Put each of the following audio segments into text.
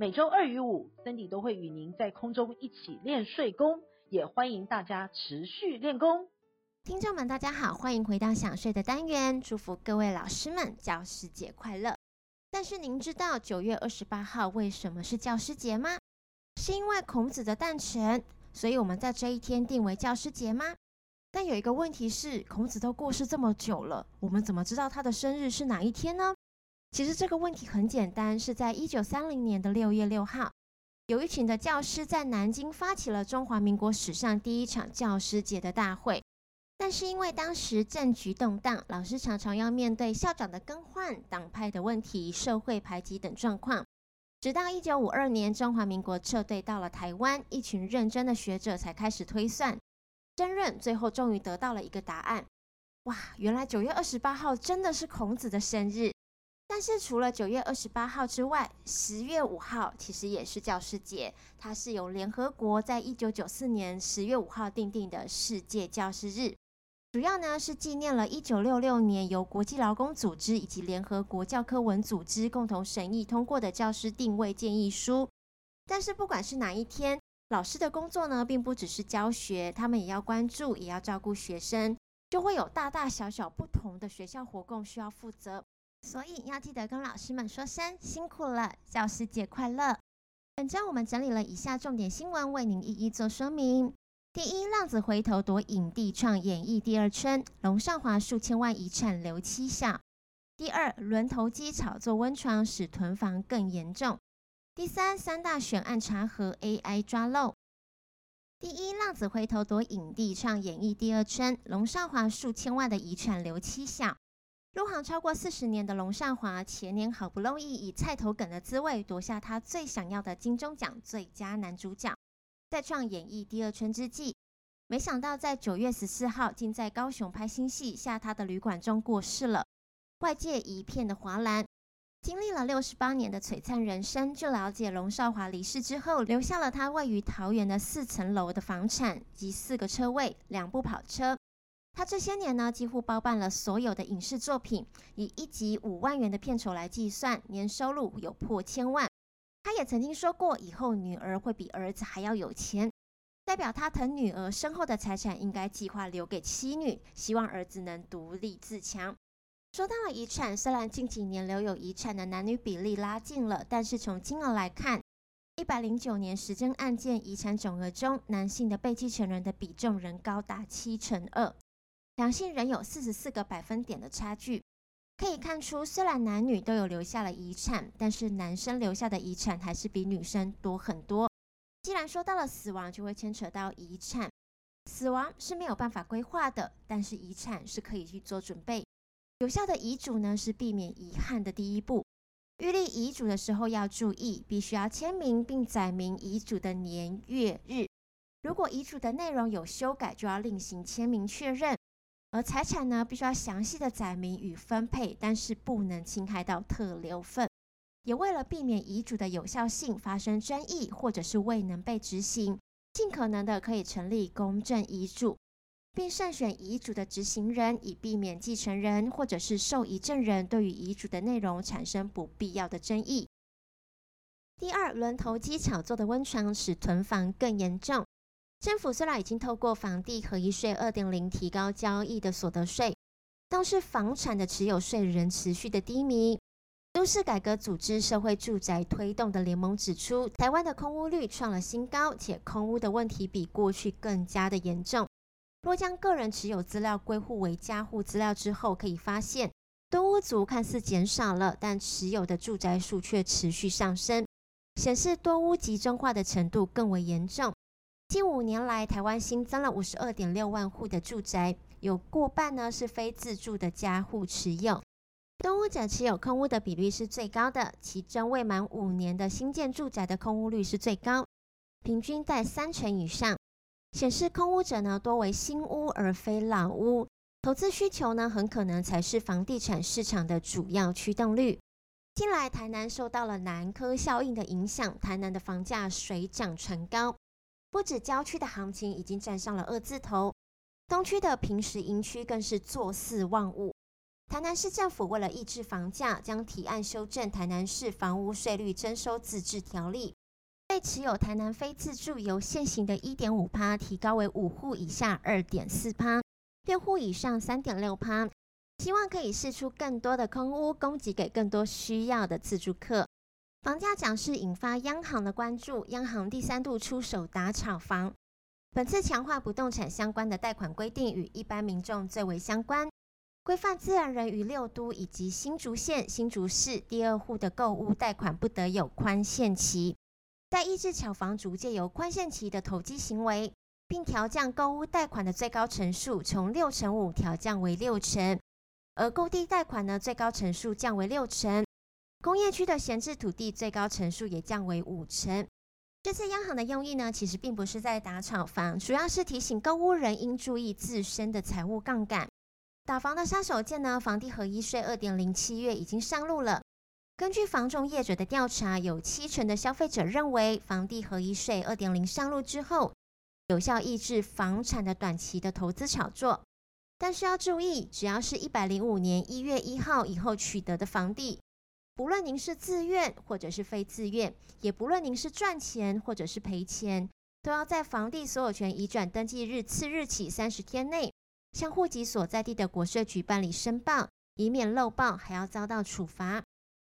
每週二與五，Cindy 都會與您在空中一起練稅功，也歡迎大家持續練功。聽眾們，大家好，歡迎回到享稅的單元，祝福各位老師們教師節快樂。但是您知道九月二十八號為什麼是教師節嗎？是因為孔子的誕辰，所以我們在這一天定為教師節嗎？但有一個問題是，孔子都過世這麼久了，我們怎麼知道他的生日是哪一天呢？其實這個問題很簡單，是在一九三零年的六月六號，有一群的教師在南京發起了中華民國史上第一場教師節的大會。但是因為當時政局動盪，老師常常要面對校長的更換、黨派的問題、社會排擠等狀況。直到一九五二年中華民國撤退到了台灣，一群認真的學者才開始推算，爭論，最後終於得到了一個答案。哇，原來九月二十八號真的是孔子的生日。但是除了九月二十八號之外，十月五號其實也是教師節。它是由聯合國在一九九四年十月五號訂定的世界教師日，主要呢是紀念了一九六六年由國際勞工組織以及聯合國教科文組織共同審議通過的教師定位建議書。但是不管是哪一天，老師的工作呢，並不只是教學，他們也要關注，也要照顧學生，就會有大大小小不同的學校活動需要負責。所以要記得跟老師們說聲辛苦了，教師節快樂。本周我們整理了以下重點新聞，為您一一做說明。第一，浪子回頭奪視帝，創演藝第二春；龍劭華數千萬遺產留妻小。第二，淪投機炒作溫床，使囤房更嚴重。第三，三大稅選案查核 AI 抓漏。第一，浪子回頭奪視帝，創演藝第二春；龍劭華數千萬的遺產留妻小。入行超過四十年的龍劭華，前年好不容易以菜頭梗的滋味奪下他最想要的金鐘獎最佳男主角，再創演藝第二春之際，沒想到在九月十四號，竟在高雄拍新戲下榻的旅館中過世了。外界一片的嘩然，經歷了六十八年的璀璨人生，就了解龍劭華離世之後，留下了他位於桃園的四層樓的房產及四個車位、兩部跑車。他這些年呢，幾乎包辦了所有的影視作品，以一集五萬元的片酬來計算，年收入有破千萬。他也曾經說過，以後女兒會比兒子還要有錢，代表他疼女兒，身後的財產應該計劃留給妻女，希望兒子能獨立自強。說到了遺產，雖然近幾年留有遺產的男女比例拉近了，但是從金額來看，一百零九年實徵案件遺產總額中，男性的被繼承人的比重仍高達七成二。兩性仍有四十四個百分點的差距，可以看出，雖然男女都有留下了遺產，但是男生留下的遺產還是比女生多很多。既然說到了死亡，就會牽扯到遺產，死亡是沒有辦法規劃的，但是遺產是可以去做準備。有效的遺囑呢，是避免遺憾的第一步。預立遺囑的時候要注意，必須要簽名並載明遺囑的年月日。如果遺囑的內容有修改，就要另行簽名確認。而財產呢，必須要詳細的載明與分配，但是不能侵害到特留份。也為了避免遺囑的有效性發生爭議或者是未能被執行，盡可能的可以成立公證遺囑，並慎選遺囑的執行人，以避免繼承人或者是受遺贈人對於遺囑的內容產生不必要的爭議。第二，淪投機炒作的溫床，使囤房更嚴重。政府雖然已經透過房地合一稅二點零提高交易的所得稅，但是房產的持有稅仍持續的低迷。都市改革組織、社會住宅推動的聯盟指出，台灣的空屋率創了新高，且空屋的問題比過去更加的嚴重。若將個人持有資料歸戶為家戶資料之後，可以發現多屋族看似減少了，但持有的住宅數卻持續上升，顯示多屋集中化的程度更為嚴重。近五年來，台灣新增了五十二點六萬戶的住宅，有過半呢是非自住的家戶持有。東屋者持有空屋的比率是最高的，其中未滿五年的新建住宅的空屋率是最高，平均在三成以上，顯示空屋者呢多為新屋而非老屋。投資需求呢很可能才是房地產市場的主要驅動力。近來台南受到了南科效應的影響，台南的房價水漲船高。不止郊區的行情已經站上了二字頭，東區的平實營區更是坐四望五。台南市政府為了抑制房價，將提案修正《台南市房屋稅率徵收自治條例》，被持有台南非自住由現行的1.5趴提高為五戶以下2.4趴，六戶以上3.6趴，希望可以釋出更多的空屋，供給給更多需要的自住客。房價漲勢引發央行的關注，央行第三度出手打炒房。本次強化不動產相關的貸款規定，與一般民眾最為相關。規範自然人與六都以及新竹縣、新竹市第二戶的購物貸款不得有寬限期，待抑制炒房族借由寬限期的投機行為，並調降購物貸款的最高成數從六成五調降為六成，而購地貸款呢，最高成數降為六成。工業區的閒置土地最高層數也降為五成。這次央行的用意呢，其實並不是在打炒房，主要是提醒購屋人應注意自身的財務槓桿。打房的殺手鐧呢，房地合一稅二點零七月已經上路了。根據房仲業者的調查，有七成的消費者認為，房地合一稅二點零上路之後，有效抑制房產的短期的投資炒作。但需要注意，只要是一百零五年一月一號以後取得的房地。不論您是自願或者是非自願，也不論您是賺錢或者是賠錢，都要在房地所有權移轉登記日次日起三十天內，向戶籍所在地的國稅局辦理申報，以免漏報還要遭到處罰。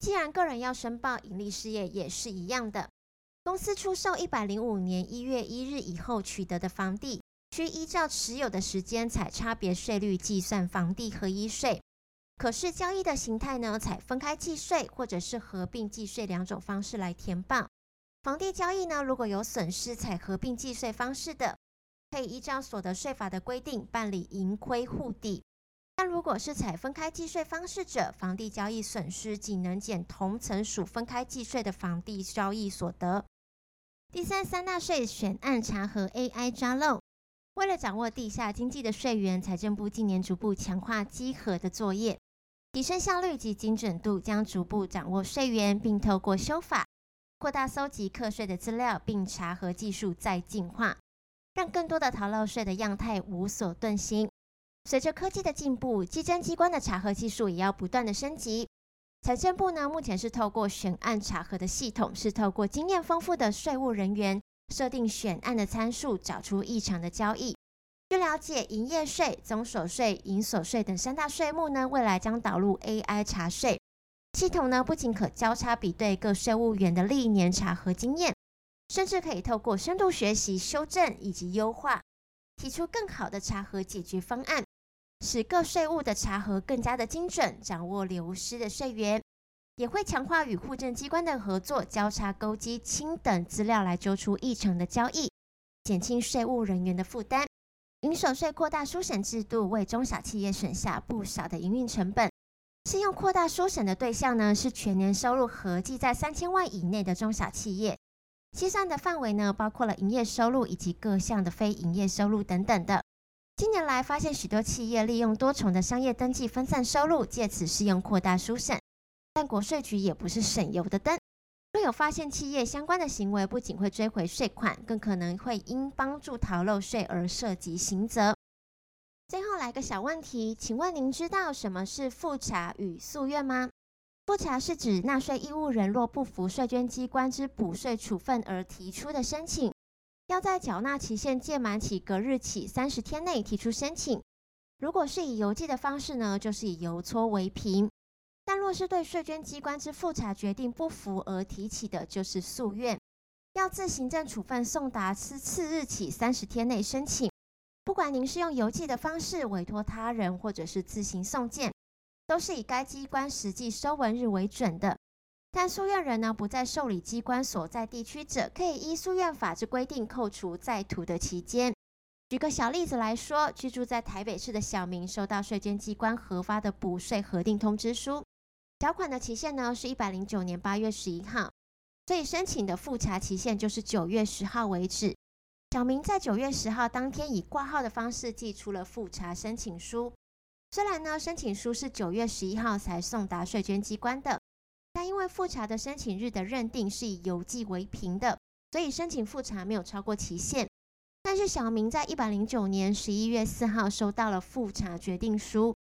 既然個人要申報，營利事業也是一樣的。公司出售一百零五年一月一日以後取得的房地，需依照持有的時間採差別稅率計算房地合一稅。可是交易的形態呢，採分開計稅或者是合併計稅兩種方式來填報。房地交易呢，如果有損失採合併計稅方式的，可以依照所得稅法的規定辦理盈虧互抵。但如果是採分開計稅方式者，房地交易損失僅能減同層屬分開計稅的房地交易所得。第三，三大稅選案查核 AI 抓漏。為了掌握地下經濟的稅源，財政部近年逐步強化稽核的作業。提升效率及精準度，將逐步掌握稅源，並透過修法擴大搜集課稅的資料，並查核技術再進化，讓更多的逃漏稅的樣態無所遁形。隨着科技的進步，稽徵機關的查核技術也要不斷的升級。財政部呢，目前是透過選案查核的系統，是透過經驗豐富的稅務人員設定選案的參數，找出異常的交易。據了解，營業稅、綜所稅、營所稅等三大稅目呢，未來將導入 AI 查稅系統呢。不僅可交叉比對各稅務員的歷年查核經驗，甚至可以透過深度學習修正以及優化，提出更好的查核解決方案，使各稅務的查核更加的精準，掌握流失的稅源，也會強化與戶政機關的合作，交叉勾稽、清等資料來揪出異常的交易，減輕稅務人員的負擔。營所稅擴大書審制度，為中小企業省下不少的營運成本。適用擴大書審的對象呢，是全年收入合計在三千萬以內的中小企業。計算的範圍呢，包括了營業收入以及各項的非營業收入等等的。近年來發現許多企業利用多重的商業登記分散收入，借此適用擴大書審。但國稅局也不是省油的燈。若有發現企業相關的行為，不僅會追回稅款，更可能會因幫助逃漏稅而涉及刑責。最後來個小問題，請問您知道什麼是復查與訴願嗎？復查是指納稅義務人若不服稅捐機關之補稅處分而提出的申請，要在繳納期限屆滿起隔日起三十天內提出申請。如果是以郵寄的方式呢，就是以郵戳為憑。但若是對稅捐機關之複查決定不服而提起的，就是訴願，要自行政處分送達之次日起三十天內申請。不管您是用郵寄的方式委托他人，或者是自行送件，都是以該機關實際收文日為準的。但訴願人呢，不在受理機關所在地區者，可以依訴願法之規定扣除在途的期間。舉個小例子來說，居住在台北市的小明收到稅捐機關核發的補稅核定通知書。繳款的期限呢是一百零九年八月十一號，所以申請的複查期限就是九月十號為止。小明在九月十號當天以掛號的方式寄出了複查申請書，雖然呢申請書是九月十一號才送達稅捐機關的，但因為複查的申請日的認定是以郵寄為憑的，所以申請複查沒有超過期限。但是小明在一百零九年十一月四號收到了複查決定書。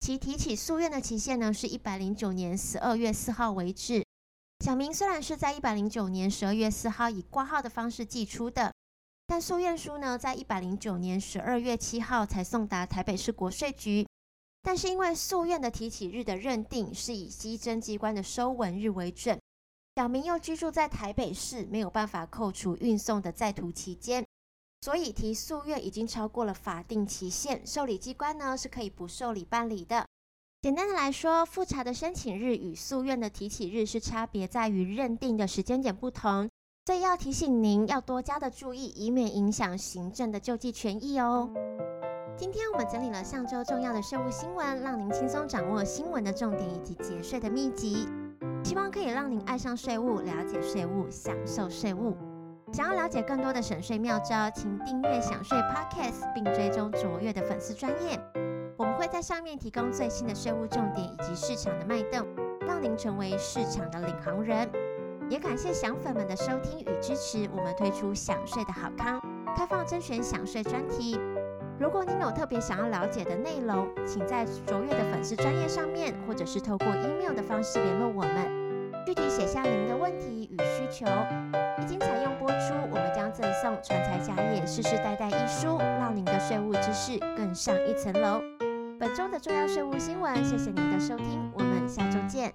其提起訴願的期限呢，是一百零九年十二月四號為止。小明雖然是在一百零九年十二月四號以掛號的方式寄出的，但訴願書呢，在一百零九年十二月七號才送達台北市國稅局。但是因為訴願的提起日的認定是以稽徵機關的收文日為準，小明又居住在台北市，沒有辦法扣除運送的在途期間。所以提訴願已經超過了法定期限，受理機關呢是可以不受理辦理的。簡單的來說，複查的申請日與訴願的提起日是差別在於認定的時間點不同，所以要提醒您要多加的注意，以免影響行政的救濟權益哦。今天我們整理了上周重要的稅務新聞，讓您輕鬆掌握新聞的重點以及節稅的秘籍，希望可以讓您愛上稅務、了解稅務、享受稅務。想要了解更多的省稅妙招，請訂閱“享稅 Podcast” 並追蹤卓越的粉絲專頁。我們會在上面提供最新的稅務重點以及市場的脈動，讓您成為市場的領航人。也感謝享粉們的收聽與支持。我們推出“享稅”的好康開放甄選享稅專題。如果您有特別想要了解的內容，請在卓越的粉絲專頁上面，或者是透過 email 的方式聯絡我們。具體寫下您的問題與需求，一經採用播出，我們將贈送《傳財家業世世代代一書》，讓您的稅務知識更上一層樓。本周的重要稅務新聞，謝謝您的收聽，我們下周見。